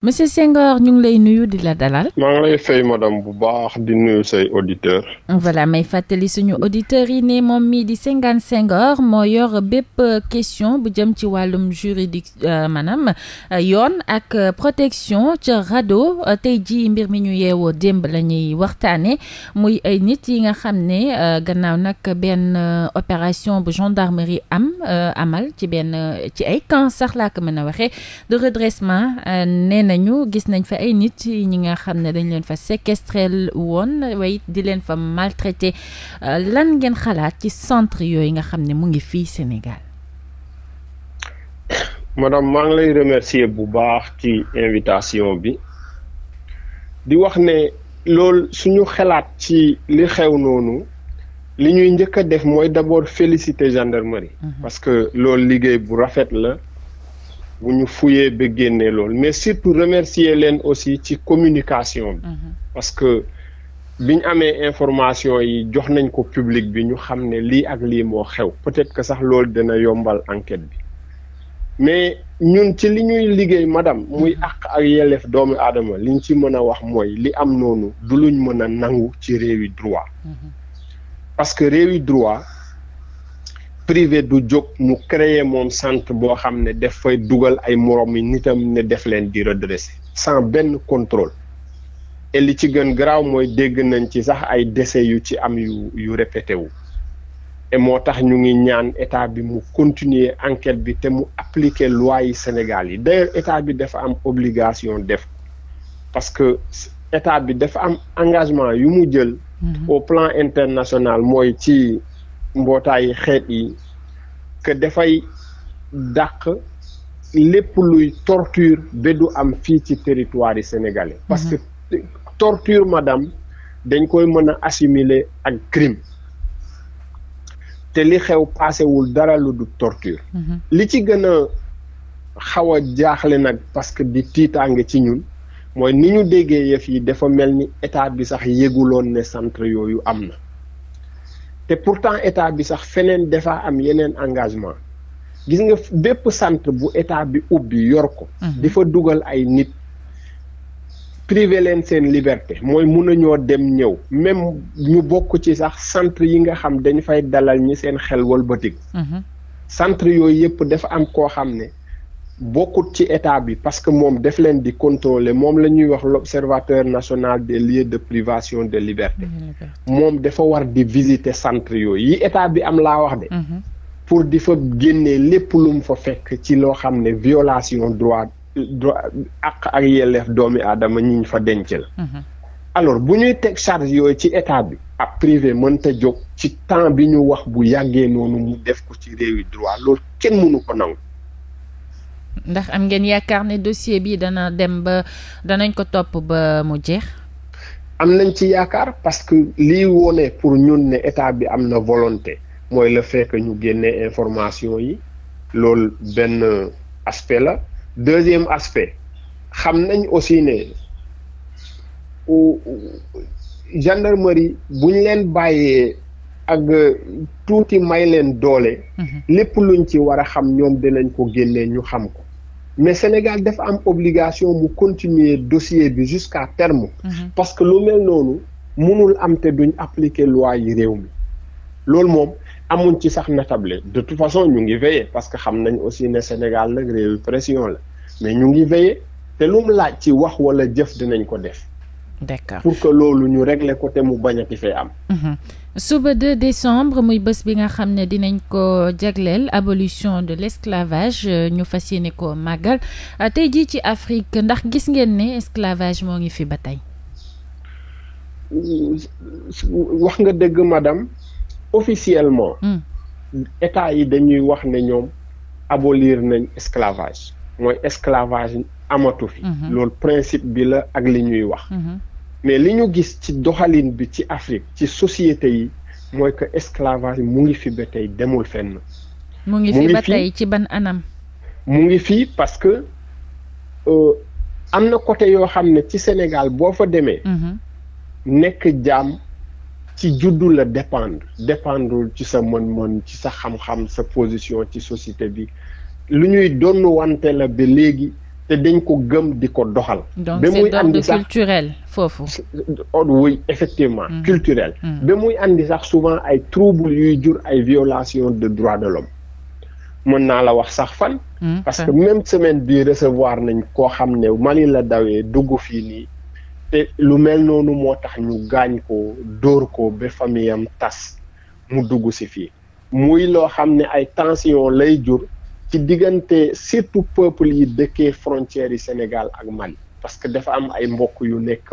monsieur Senghor ñu ngi lay nuyu di la dalal. maa ngi lay fay madame bu baax di nuyu say auditeurs. voilà may fàttali suñu auditeurs yi ne moom mii di Senghane Senghor moo yor bépp question bu jëm ci wàllum juridique euh, maanaam euh, yoon ak protection ca RADDHO tey jii mbir mi ñu yeewoo démb la ñuy waxtaanee muy ay nit yi nga xam ne euh, gannaaw nag benn opération bu gendarmerie am amal ci benn ci ay camp sax laa ko mën a waxee de redressement nee nañu gis nañ fa ay nit ñi nga xam ne dañ leen fa séquestrel woon waaye di leen fa maltraité euh, lan ngeen xalaat ci centre yooyu nga xam ne mu ngi fii Sénégal. madame maa ngi lay remercier bu baax ci invitation bi di wax ne loolu suñu xalaat ci li xew noonu. li ñuy njëkk a def mooy d'abord féliciter gendarmerie. Mhm. parce que loolu liggéey bu rafet la. bu ñu fuyee ba génnee loolu mais surtout remercier leen aussi ci communication bi. Mhm. parce que biñ amee information yi jox nañ ko public bi ñu xam ne lii ak lii moo xew peut-être que sax loolu dina yombal enquête bi mais ñun ci li ñuy liggéey madame muy mhm. àq ak yelleef doomu aadama liñ ci mën a wax mooy li am noonu du luñ mën a nangu ci réewi droit. Mhm. parce que réewi droit. privé du jóg mu créer moom centre boo xam ne def fay dugal ay moroom yi nitam ne def leen di redresser sans benn contrôle et li ci gën garaaw mooy dégg nañ ci sax ay décès yu ci am yu yu répété moo tax ñu ngi ñaan état bi mu continuer enquête bi te mu appliquer loi yi Sénégal yi d'ailleurs état bi dafa am obligation def parce que état bi dafa am engagement yu mu jël mm-hmm. au plan international mooy ci mbootaay xeet yi que dafay dàq lépp luy torture ba du am fii ci territoire yi sénégalais parce mhm. que torture madame dañ koy mën a assimiler ak crime te li xew paasewul dara lu du torture mhm. li ci gën a xaw a jaaxle nag parce que di tiitaange ci ñun mooy ni ñu déggee yëf yi dafa mel ni état bi sax yëguloon ne centre yooyu am na te pourtant état bi sax feneen defaa am yeneen engagement gis nga bépp centre bu état bi ubbi yor ko. Mhm. di fa dugal ay nit. privé leen seen liberté mooy mun nañoo dem ñëw même ñu bokk ci sax centre yi nga xam dañu fay dalal ñi seen xel wal mhm. centre yooyu yëpp dafa am koo xam ne bokkut ci état bi parce que moom def leen di contrôler moom la ñuy wax l'observateur national des lieux de privation de liberté mm-hmm, moom dafa war di visiter centre yooyu yi état bi am laa wax de mm-hmm. pour di fa génne lépp lu fa fekk ci loo xam ne violation droit droit ak ak yelleef doomi aadama ñi ñu fa denc la mm-hmm. alors bu ñuy teg charge yooyu ci état bi ab privé mënta jóg ci temps bi ñu wax bu yàggee noonu mu def ko ci réewi droit loolu kenn mënu ko nangu ndax am ngeen yaakaar ne dossier bi dana dem ba danañ ko topp ba mu jeex. am nañ ci yaakaar parce que lii woone pour ñun ne état bi am na volonté mooy le fait que ñu génnee information yi loolu benn aspect la deuxième aspect xam nañ aussi ne gendarmerie bu leen bàyyee. ak tuuti may leen doole. Mhm. lépp luñ ci war a xam ñoom dinañ ko génnee ñu xam ko. mais Sénégal dafa am obligation mu continuer dossier bi jusqu'à terme. Mhm. parce que lu mel noonu mënul am te duñ appliquer loi yi réew mi. loolu moom amuñ ci sax natable de toute façon ñu ngi veiller parce que xam nañ aussi ne Sénégal nag réewu pression la mais ñu ngi veiller te lu mu laaj ci wax wala jëf dinañ ko def. d'accord pour que loolu ñu régler ko te mu bañ a ki fee am. Mhm. suba 2 décembre muy bés bi nga xam ne dinañ ko jagleel abolition de l'esclavage euh, ñu fas yéene ko màggal euh, tey jii ci Afrique ndax gis ngeen ne esclavage moo ngi fi ba tey. Mmh, wax nga dëgg madame officiellement. Mmh. état yi dañuy wax ne ñoom abolir nañ esclavage mooy esclavage amatu fi. Mmh. loolu principe bi la ak li ñuy wax. mais li ñu gis ci doxalin bi ci Afrique ci société yi mooy que esclavage mu ngi fi ba tey demul fenn. mu ngi fi ba tey ci ban anam. mu ngi fi parce que euh, am na côté yoo xam ne ci Sénégal boo fa demee. Mm nekk jaam ci juddu la dépendre dépendre ci sa mën-mën ci sa xam-xam sa position ci société bi lu ñuy donn wante la ba léegi. te dañ ko gëm di ko doxal. Euh, mm. Mm. ba muy andi sax culturel foofu. oui effectivement. culturel. muy indi sax souvent ay trouble yuy jur ay violation de droits de l'homme mën naa la wax sax fan. Mm, parce que même semaine bi recevoir nañ koo xam ne Mali la dawee dugg fii nii. te lu mel noonu moo tax ñu gaañ ko dóor ko ba famille am tas mu dugg si fii muy loo xam ne ay tension lay jur. ci diggante surtout peuple yi dëkkee frontières yi Sénégal ak Mali parce que dafa am ay mbokk yu nekk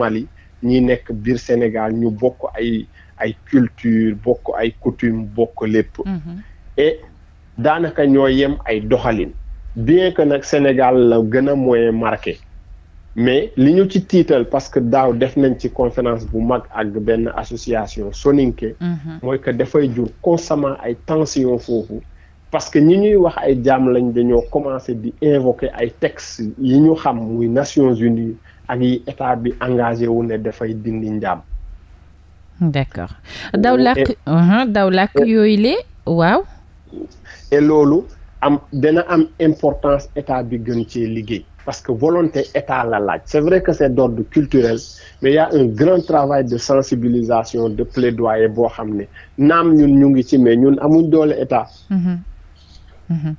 Mali ñi nekk biir Sénégal ñu bokk ay ay culture bokk ay coutume bokk lépp mhm. et daanaka ñoo yem ay doxalin bien que nag Sénégal la gën a moyen marqué mais li ñu ci tiital parce que daaw def nañ ci conférence bu mag ak benn association Soninke mhm. mooy que dafay jur constamment ay tension foofu parce que ñi ñuy wax ay jàmm lañ dañoo commencé di invoquer ay textes yi ñu xam muy Nations Unies ak yi état bi engagé wu ne dafay dindi jàmm d'accord daw làkk daw làkk yooyu le waaw. et loolu am dana am importance état bi gën cee liggéey. parce que volonté état la laaj. c'est vrai que c'est d'ordre culturel mais il y a un grand travail de sensibilisation de plaidoyer boo xam ne naam ñun ñu ngi ci mais ñun amuñ doole état. Mm-hmm. Mhm.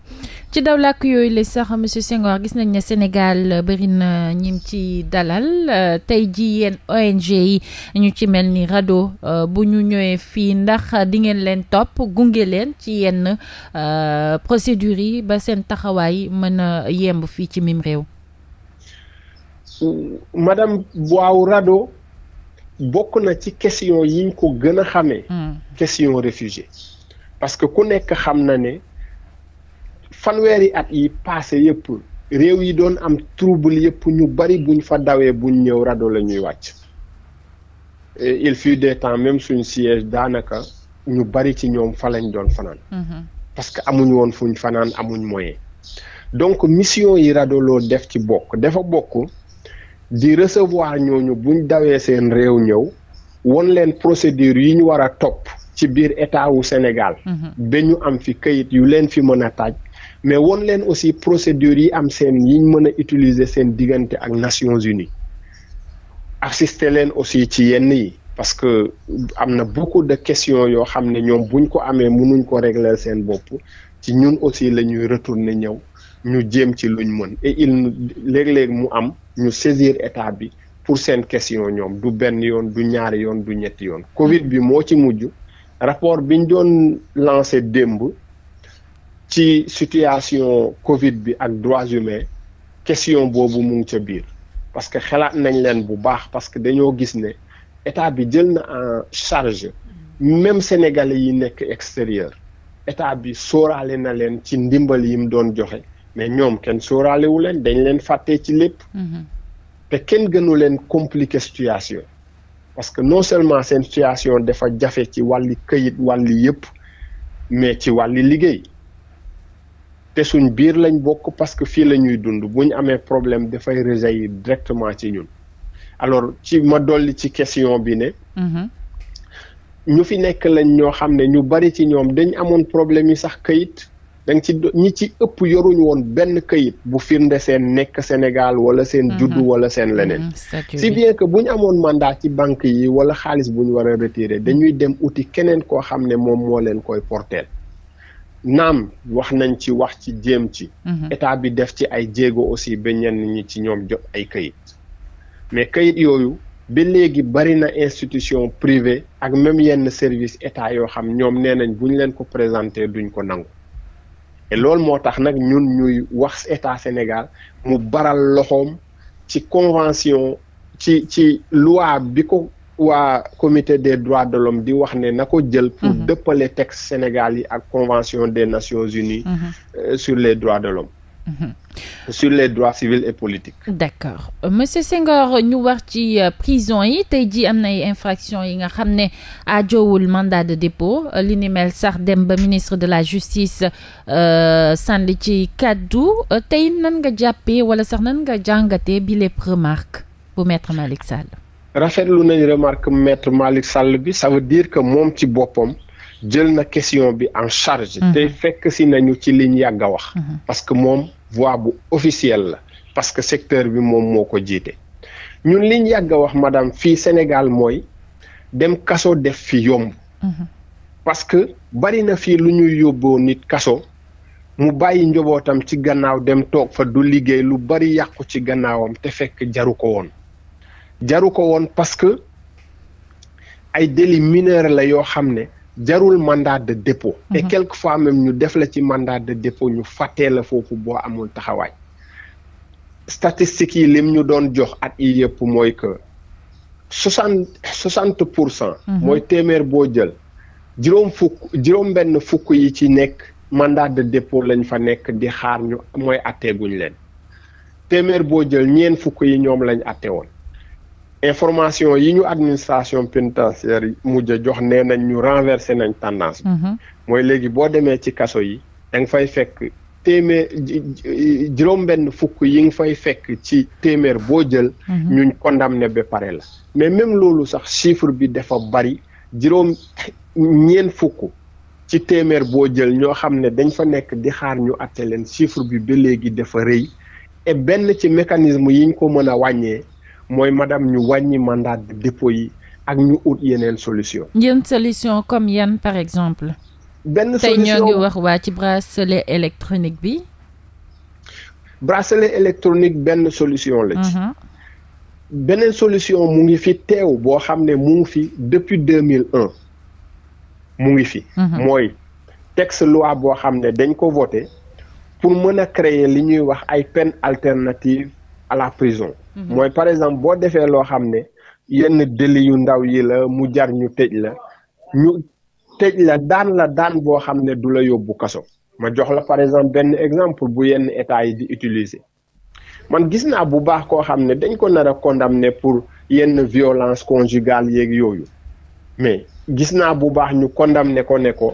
ci daw làkk yooyu la sax monsieur Senghor gis nañ ne Sénégal euh, bëri na ñim ci dalal euh, tey ji yéen ONG yi ñu ci mel ni RADDHO euh, bu ñu ñëwee fii ndax dingeen leen topp gunge leen ci yenn procédures yi ba seen taxawaay mën a yemb fii ci mim réew. madame waaw RADDHO bokk na ci question yiñ ko gën a xamee. Mm. question réfugié que ku nekk xam na ne. fanweeri at yi passé yëpp réew yi doon am trouble yëpp ñu bari buñ fa dawee buñ ñëw rado la ñuy wàcc il fut des temps même suñ siège daanaka ñu bari ci ñoom fa lañ doon fanaan mhm. parce que amuñ woon fuñ fanaan amuñ moyen donc mission yi rado loo def ci bokk dafa bokk di recevoir ñooñu buñ dawee seen réew ñëw won leen procédure yi ñu war a topp ci biir état wu Sénégal mhm. ba ñu am fi kayit yu leen fi mën a taaj mais won leen aussi procédures yi am seen yiñ mën a utiliser seen diggante ak Nations Unies assister leen aussi ci yenn yi parce que am na beaucoup de questions yoo xam ne ñoom buñ ko amee mënuñ ko régler seen bopp ci ñun aussi lañuy retourner ñëw ñu jéem ci luñ mën et il léeg-léeg mu am ñu saisir état bi pour seen question ñoom du benn yoon du ñaari yoon du ñetti yoon Covid bi moo ci mujj rapport biñ doon lancé démb ci situation Covid bi ak droits humains question boobu mu ngi ca biir parce que xalaat nañ leen bu baax parce que dañoo gis ne état bi jël na en charge même sénégalais yi nekk extérieur état bi sóoraale na leen ci ndimbal yi mu doon joxe mais ñoom kenn sóoraale leen dañ leen fàtte ci lépp. Mm-hmm. te kenn gënu leen compliquer situation. parce que non seulement seen situation dafa jafe ci wàlli këyit wàlli yëpp mais ci wàlli liggéey. te suñ biir lañ bokk parce que fii la ñuy dund bu amee problème dafay rejaillir directement ci ñun alors ci ma dolli ci question bi ne. Mhm. ñu fi nekk lañ ñoo xam ne ñu bari ci ñoom dañ amoon problème yi sax kayit danga ci ñi ci ëpp yoruñ woon benn kayit bu firnde seen nekk Sénégal wala seen mhm. juddu wala seen leneen mhm. si bien que bu ñu amoon mandat ci banque yi wala xaalis bu ñu war a dañuy dem uti keneen koo xam ne moom moo leen koy porteel naam wax nañ ci wax ci jéem ci. Mhm. état bi def ci ay jéego aussi ba ñenn ñi ci ñoom jot ay kayit mais kayit yooyu ba léegi bari na institution privée ak même yenn service état yoo xam ñoom nee nañ bu leen ko présenté duñ ko nangu. et loolu moo tax nag ñun ñuy wax état Sénégal mu baral loxoom ci convention ci ci loi bi ko waa comité des droits de l'homme di wax ne na ko jël pour mhm. dëppale texte Sénégal yi ak convention des nations unies mhm. euh, sur les droits de l'homme mhm. sur les droits civils et politiques. d'accord monsieur Senghor ñu wax ci euh, prison yi tey jii am na ay yi nga xam ne ajoowul mandat de dépôt euh, li ni sax dem ba ministre de la justice sànni ci kàddu tey nan nga jàppee wala sax nan nga jàngatee bi lépp remarque bu maître Malick Sall. rafetlu nañ remarque maître Malick sàll bi ça veut dire que moom ci boppam jël na question bi en charge. Mm-hmm. te fekk si nañu ci liñ yàgg a wax. Mm-hmm. parce que moom voix bu officielle la parce que secteur bi moom moo ko jiite. ñun liñ yàgg a wax madame fii Sénégal mooy dem kaso def fi yomb. Mm-hmm. parce que bari na fii lu ñuy yóbboo nit kaso. mu bàyyi njobootam ci gannaaw dem toog fa du liggéey lu bari yàqu ci gannaawam te fekk jaru ko woon. jaru ko woon parce que ay délits mineurs la yoo xam ne jarul mandat de dépôt. Mm -hmm. et même ñu def la ci mandat de dépôt ñu fàttee la foofu boo amul taxawaay statistiques yi lim ñu doon jox at yi yëpp mooy que pour cent. Mhm. mooy téeméer boo jël juróom fukk fukk yi ci nekk mandat de dépôt lañ fa nekk di xaar ñu mooy atteeguñ leen téeméer boo jël ñeen fukk yi ñoom lañ atte woon. information yi ñu administration pénitentiaire yi mujj a jox nee ñu renversé nañ tendance bi. Mhm. mooy léegi boo demee ci kaso yi da fay fekk téeméer juróom-benn fukk yi nga fay fekk ci téeméer boo jël. Mhm. ñuñ ne ba pare la. mais même loolu sax chiffre bi dafa bari juróom ñeen fukk. ci téeméer boo jël ñoo xam ne dañ fa nekk di xaar ñu atte leen chiffre bi ba léegi dafa rëy benn ci mécanisme yi ñu ko mën a wàññee mooy madame ñu wàññi mandat de dépôt yi ak ñu ut yeneen solution. yenn solution comme yan par exemple. benn solution tey ñoo ngi wax waa ci bracelet électronique bi. bracelet électronique benn solution la ci. Mhm. beneen solution mu ngi fi teew boo xam ne mu ngi fi depuis deux mille un mu ngi fi. Mhm. mooy texte loi boo xam ne dañ ko voté pour mën a créer li ñuy wax ay peines alternatives à la prison. Mhm. mooy par exemple boo defee loo xam ne yenn délit yu ndaw yi la mu jar ñu tëj la ñu tëj la daan la daan boo xam ne du la yóbbu kaso ma jox la par exemple benn exemple bu yenn état yi di utiliser man gis naa bu baax koo xam ne dañ ko nar a ne pour yenn violence conjugale yeeg yooyu mais gis naa bu baax ñu condamné ko ne ko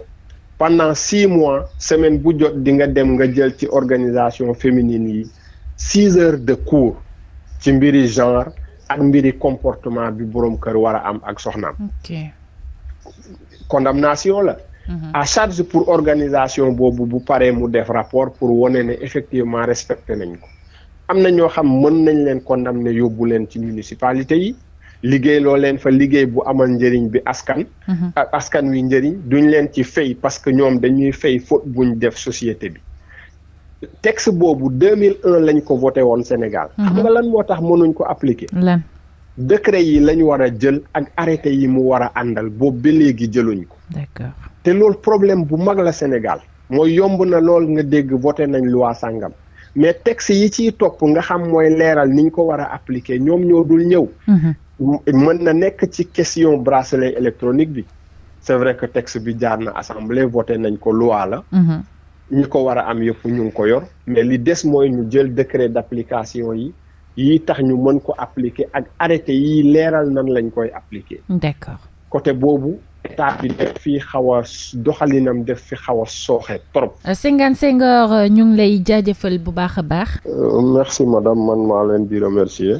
pendant six mois semaine bu jot di nga dem nga jël ci organisation féminine yi six heures de cours ci mbiri genre ak mbiri comportement bi boroom kër war a am ak soxna soxnaam. condamnation la. Mhm. à charge pour organisation boobu bu paree mu def rapport pour wone ne effectivement respecté nañ ko. am na ñoo xam mën nañ leen condamné yóbbu leen ci municipalité yi liggéey loo leen fa liggéey bu amal njëriñ bi askan. Mhm. askan wi njëriñ duñ leen ci fay parce que ñoom dañuy fay faute buñ def société bi. texte boobu 2001 lañ ko voté woon Sénégal. Mhm. xam nga lan moo tax mënuñ ko appliquer. lan décret yi lañ war a jël ak arrêté yi mu war a àndal boobu ba léegi jëluñ ko. te loolu problème bu mag la Sénégal mooy yomb na lool nga dégg voté nañ loi sàngam mais texte yi ciy topp nga xam mooy leeral niñ ko war a appliquer ñoom ñoo dul ñëw. Mhm. mën na nekk ci question bracelet électronique bi c'est vrai que texte bi jaar na assemblée voté nañ ko loi la. Mhm. ñu ko war a am yëpp ñu ngi ko yor mais li des mooy ñu jël décret d'application yi yi tax ñu mën ko appliquer ak arrêté yi leeral nan lañ koy appliquer. d'accord côté boobu état bi def fi xaw doxalinam def fi xaw a sooxe trop. Euh, Senghane Senghor euh, ñu ngi lay jaajëfal bu baax a baax. Euh, merci madame man maa leen di remercier.